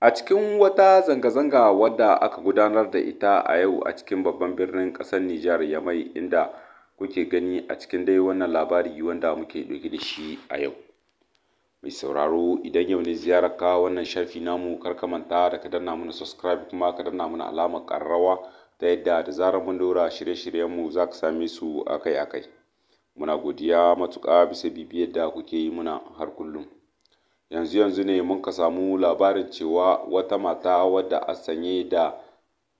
A cikin wata zanga-zanga wadda aka gudanar da ita a yau a cikin babban birnin ƙasar Nijar ya mai inda kuke gani a cikin dai wannan labari wanda muke ɗauke da shi a yau. Mai sauraro idan yau ne ziyarar ka wannan shafi namu kar ka manta da ka danna muna subscribe kuma ka danna muna alamar ƙararrawa ta yadda da zarar mun ɗora shirye-shiryenmu za ka same su akai-akai. Muna godiya matuƙa bisa bibiyar da kuke yi muna har kullum. yanzu-yanzu ne muka samu labarin cewa wata mata wadda a sanye da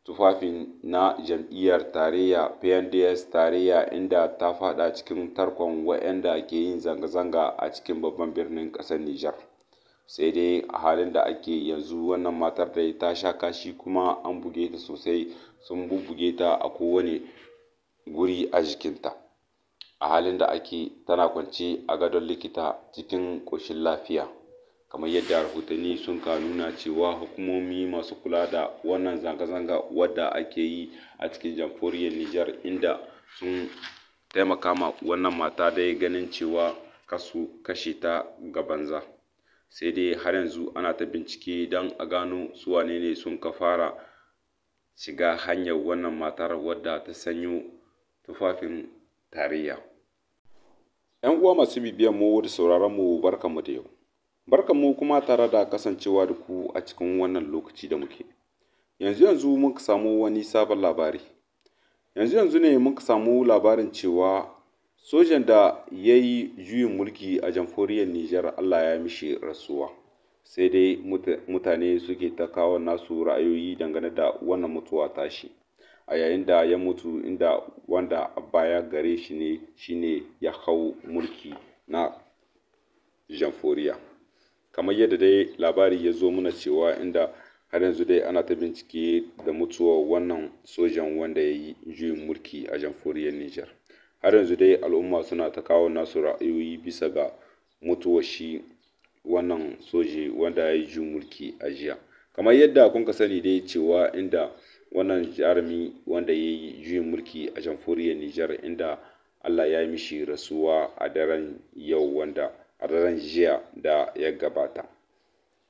tufafi na jam'iyyar tarayya PNDS tarayya inda ta fada cikin tarkon wa'anda ke yin zanga-zanga a cikin babban birnin ƙasar Nijar. Sai dai a halin da ake yanzu wannan matar da ta sha kashi kuma an buge ta sosai sun bubbuge ta a kowane guri a jikinta. A halin da ake tana kwance a gadon likita cikin ƙoshin lafiya. kamar yadda rahotanni sun ka nuna cewa hukumomi masu kula da wannan zanga-zanga wadda ake yi a cikin jamhuriyar Nijar inda sun taimaka ma wannan mata da ya ganin cewa kasu kashe ta ga banza sai dai har yanzu ana ta bincike don a gano su wane ne sun ka fara shiga hanyar wannan matar wadda ta sanyo tufafin tarayya 'yan uwa masu bibiyan mu da sauraron mu mu da yau mu kuma tare da kasancewa da ku a cikin wannan lokaci da muke. Yanzu yanzu muka samu wani sabon labari. Yanzu yanzu ne muka samu labarin cewa sojan da ya yi juyin mulki a jamhuriyar Nijar Allah ya mishi rasuwa. Sai dai mutane suke ta kawo nasu ra'ayoyi dangane da wannan mutuwa tashi. A yayin da ya mutu inda wanda baya gare shi ne shine ya hau mulki na jamfuriya. kamar yadda dai labari ya zo mana cewa inda har yanzu dai ana ta bincike da mutuwar wannan sojan wanda ya yi juyin mulki a jamhuriyar Nijar. Har yanzu dai al'umma suna ta kawo nasu ra'ayoyi bisa ga mutuwar shi wannan soje wanda ya yi juyin mulki a jiya. Kamar yadda kun ka sani dai cewa inda wannan jarumi wanda ya yi juyin mulki a jamhuriyar Nijar inda Allah ya yi mishi rasuwa a daren yau wanda a daren jiya da ya gabata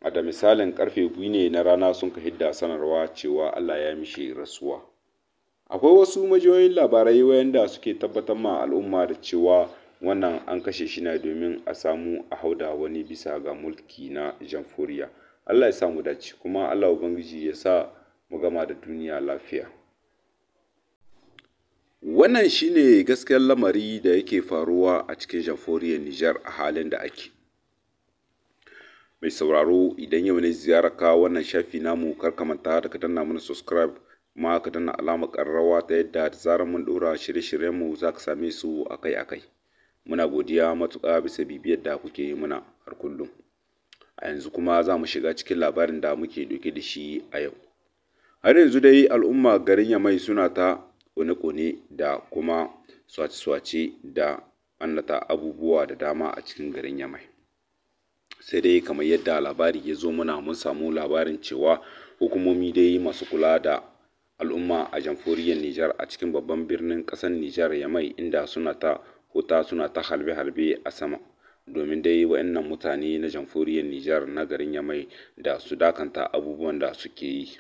a da misalin karfe biyu ne na rana sun ka hidda sanarwa cewa allah ya mishi rasuwa akwai wasu majiyoyin labarai wayanda suke tabbatar ma al'umma da cewa wannan an kashe shi ne domin a samu a hauda wani bisa ga mulki na jamfuriya allah ya samu dace kuma allah ubangiji ya sa mu gama da duniya lafiya Wannan shine ne gaskiyar lamari da yake faruwa a cikin jamhuriyar Nijar a halin da ake. Mai sauraro idan yau ne ka wannan shafi namu kar manta da ka danna mana subscribe ma ka danna alamar karrawa ta yadda da zarar mun ɗora shirye-shiryenmu za ka same su akai-akai. Muna godiya matuƙa bisa bibiyar da kuke yi muna har kullum. A yanzu kuma za mu shiga cikin labarin da muke ɗauke da shi a yau. Har yanzu dai al'umma garin Yamai suna ta kone-kone da kuma swace-swace da annata abubuwa da dama a cikin garin Yamai. Sai dai kamar yadda labari ya zo muna mun samu labarin cewa hukumomi dai masu kula da al'umma a jamhuriyar Nijar a cikin babban birnin ƙasar Nijar Yamai inda suna ta huta suna ta harbe-harbe a sama. domin dai wa'annan mutane na jamhuriyar Nijar na garin Yamai da su dakanta abubuwan da suke yi.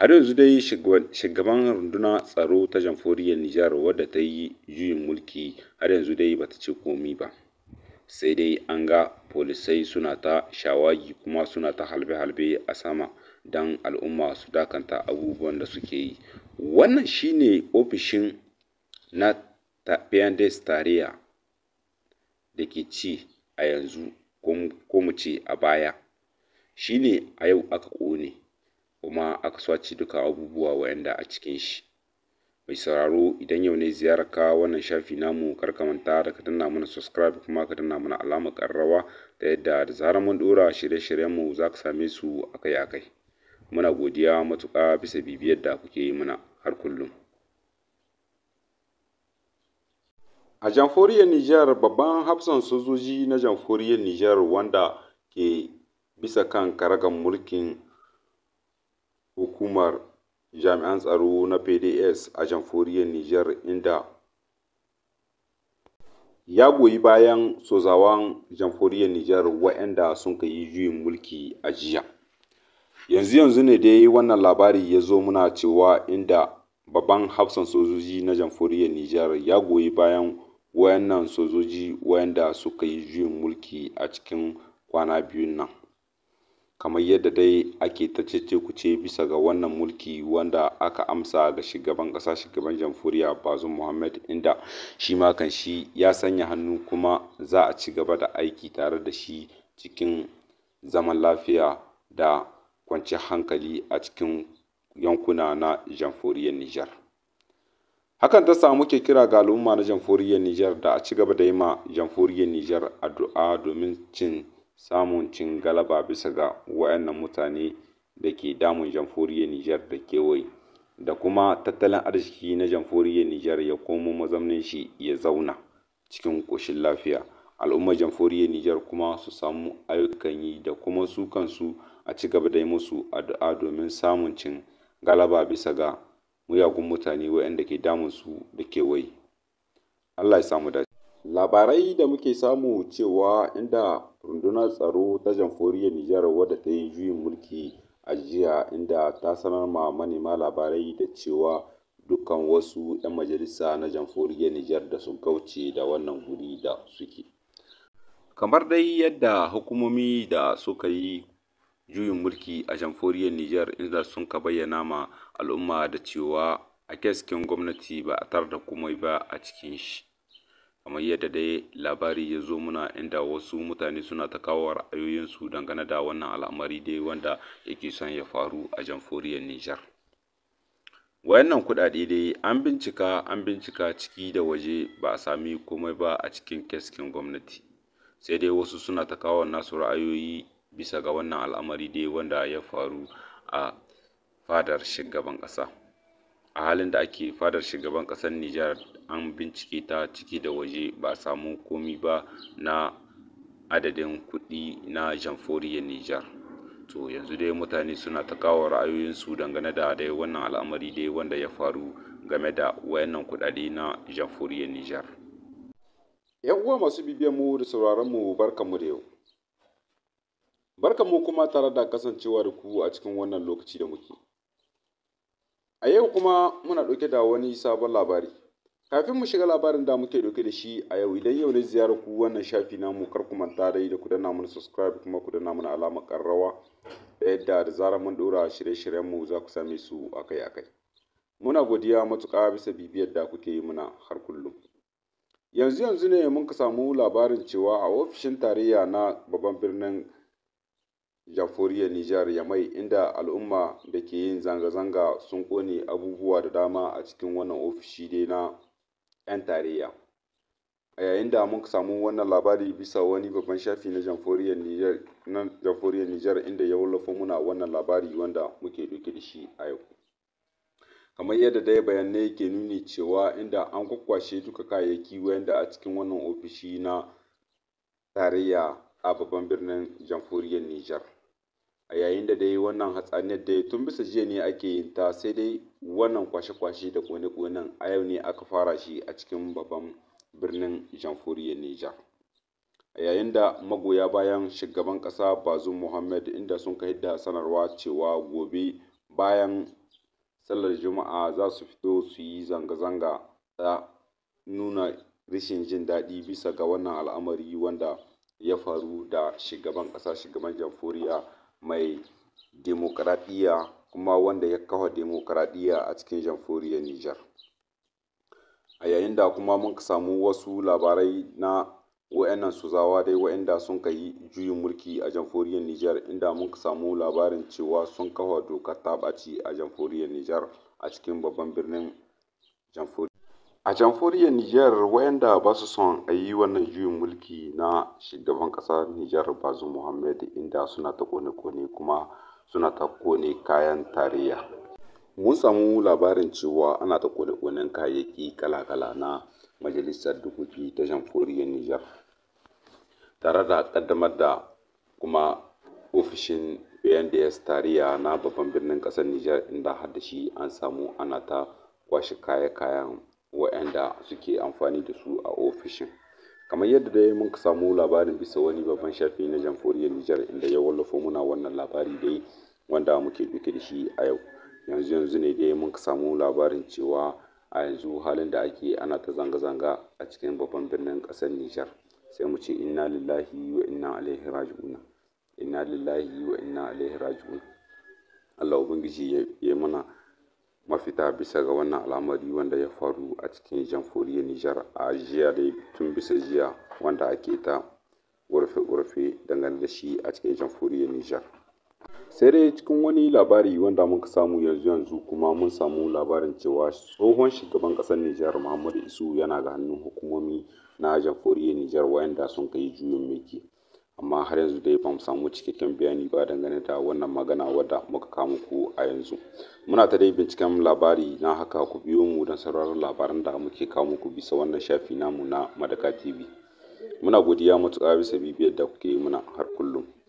har yanzu dai shugaban rundunar tsaro ta jamhuriyar nijar wadda ta yi juyin mulki har yanzu dai bata ce komi ba sai dai an ga polisai suna ta shawagi kuma suna ta halbe-halbe a sama don al'umma su dakanta abubuwan da suke yi wannan shine ofishin na tafiyandes tariya da ke ci a yanzu ko mu ce a baya shine a yau aka ƙone kuma aka swace duka abubuwa wayanda a cikin shi mai sauraro idan yau ne ziyararka wannan shafi namu kar manta da ka danna mana subscribe kuma ka danna mana alamar karrawa ta yadda da zarar mun dora shirye-shiryenmu za ka same su akai-akai muna godiya matuƙa bisa bibiyar da kuke yi mana har kullum a jamforiyar niger babban hafsan sojoji na jamforiyar niger wanda ke bisa kan karagar mulkin hukumar jami'an tsaro na PDS a jamhuriyar Nijar inda ya goyi bayan sozawan jamhuriyar Nijar waɗanda sun ka yi juyin mulki a jiya. Yanzu yanzu ne dai wannan labari ya zo muna cewa inda babban hafsan sojoji na jamhuriyar Nijar ya goyi bayan wayannan sojoji wayanda suka yi juyin mulki a cikin kwana biyun nan. kamar yadda dai ake ta cece-kuce bisa ga wannan mulki wanda aka amsa ga shugaban ƙasa shugaban jamhuriya bazum muhammad inda shi ma kan shi ya sanya hannu kuma za a ci gaba da aiki tare da shi cikin zaman lafiya da kwanciyar hankali a cikin yankuna na jamhuriyar nijar hakan ta samu ke kira ga al'umma na jamhuriyar nijar da a ci gaba da yi ma jamhuriyar nijar addu'a domin cin samun cin galaba bisa ga waɗannan mutane da ke damun jamhuriyar Nijar da kewaye da kuma tattalin arziki na jamhuriyar Nijar ya komo mazaunin shi ya zauna cikin ƙoshin lafiya al'ummar jamhuriyar Nijar kuma su samu ayyukan yi da kuma su kansu a ci gaba da yi musu addu'a domin samun cin galaba bisa ga muyagun mutane wayanda ke damun su da kewaye Allah ya samu dace Labarai da muke samu cewa inda rundunar tsaro ta Jamhuriyar Nijar wadda ta yi juyin mulki a jiya inda ta sanar ma manema labarai da cewa dukkan wasu 'yan majalisa na Jamhuriyar Nijar da sun kauce da wannan guri da suke. Kamar dai yadda hukumomi da suka yi juyin mulki a Jamhuriyar Nijar inda sun ka bayyana ma al'umma da cewa a gaskin gwamnati ba a tar da komai ba a cikin shi. kamar yadda dai labari ya zo muna inda wasu mutane suna ta kawo ra'ayoyinsu dangane da wannan al'amari dai wanda yake son ya faru a jamhuriyar Nijar. Wayannan kudade dai an bincika an bincika ciki da waje ba a sami komai ba a cikin keskin gwamnati sai dai wasu suna ta kawo nasu ra'ayoyi bisa ga wannan al'amari dai wanda ya faru a fadar shugaban kasa a halin da ake fadar shugaban kasar Nijar an bincike ta ciki da waje ba a samu komi ba na adadin kuɗi na jamforiyar Nijar. To yanzu dai mutane suna ta kawo ra'ayoyinsu dangane da dai wannan al'amari dai wanda ya faru game da wayannan kuɗaɗe na jamforiyar Nijar. ‘Yan uwa masu bibiyan mu da sauraron mu barkanmu da yau. Barkanmu kuma tare da kasancewa da ku a cikin wannan lokaci da muke. A yau kuma muna ɗauke da wani sabon labari. kafin mu shiga labarin da muke dauke da shi a yau idan yau ne ziyarar ku wannan shafi mu kar ku manta dai da ku danna mana subscribe kuma ku danna mana alamar karrawa da yadda da zarar mun dora shirye-shiryen mu za ku same su akai-akai muna godiya matuƙa bisa bibiyar da kuke yi muna har kullum yanzu yanzu ne mun ka samu labarin cewa a ofishin tarayya na babban birnin jamhuriyar Nijar Yamai inda al'umma da ke yin zanga-zanga sun kone abubuwa da dama a cikin wannan ofishi dai na 'yan tarayya a yayin da muka samu wannan labari bisa wani babban shafi na jamhuriyar Nijar na jamhuriyar Nijar inda ya wallafa muna wannan labari wanda muke ɗauke da shi a yau kamar yadda dai bayanai ke nuni cewa inda an kwakwashe duka kayayyaki wanda a cikin wannan ofishi na tarayya a babban birnin jamhuriyar Nijar a yayin da dai wannan hatsaniyar dai tun bisa jiya ne ake yin ta sai dai wannan kwashe-kwashe da kone-konen a yau ne aka fara shi a cikin babban birnin jamhuriyar Nijar. A yayin da magoya bayan shugaban ƙasa Bazoum muhammad inda sun kai da sanarwa cewa gobe bayan sallar Juma'a za su fito su yi zanga-zanga ta nuna rashin jin daɗi bisa ga wannan al'amari wanda ya faru da shugaban ƙasa shugaban jamhuriya mai dimokraɗiyya kuma wanda ya kafa dimokraɗiyya a cikin jamhuriyar Nijar. A yayin da kuma mun samu wasu labarai na wa'annan suzawa dai wa'anda sun ka yi juyin mulki a jamhuriyar Nijar inda mun samu labarin cewa sun kafa dokar ta ɓaci a jamhuriyar Nijar a cikin babban birnin jamhuriyar A jamhuriyar Nijar wayanda ba su son a yi wannan juyin mulki na shugaban ƙasar Nijar bazu Mohamed inda suna ta kone-kone kuma suna ta kone kayan tarayya. Mun samu labarin cewa ana ta kone-kone kayayyaki kala-kala na Majalisar dukuki ta jamhuriyar Nijar tare da ƙaddamar da kuma ofishin BNDS tarayya na babban birnin ƙasar Nijar inda har da shi an samu ana ta kwashe kaya-kayan waɗanda suke amfani da su a ofishin. Kamar yadda dai muka samu labarin bisa wani babban shafi na jamhuriyar Nijar inda ya wallafa muna wannan labari dai wanda muke ɗauke da shi a yau. Yanzu yanzu ne dai muka samu labarin cewa a yanzu halin da ake ana ta zanga-zanga a cikin babban birnin ƙasar Nijar. Sai mu ce inna lillahi wa inna ilaihi raji'un. Inna lillahi wa inna ilaihi raji'un. Allah Ubangiji ya mana fita bisa ga wannan al'amari wanda ya faru a cikin jamhuriyar Nijar a jiya da tun bisa jiya wanda ake ta urfe warfe dangane da shi a cikin jamhuriyar Nijar. Sai dai cikin wani labari wanda muka samu yanzu yanzu kuma mun samu labarin cewa tsohon shugaban ƙasar Nijar Muhammadu Isu yana ga hannun hukumomi na jamhuriyar Nijar wayanda sun kai juyin mulki. amma har yanzu dai ba mu samu cikakken bayani ba dangane da wannan magana wadda muka kama ku a yanzu muna ta dai binciken labari na haka ku biyo mu don sauraron labaran da muke kawo ku bisa wannan shafi namu na madaka tv muna godiya matuƙa bisa bibiyar da kuke muna har kullum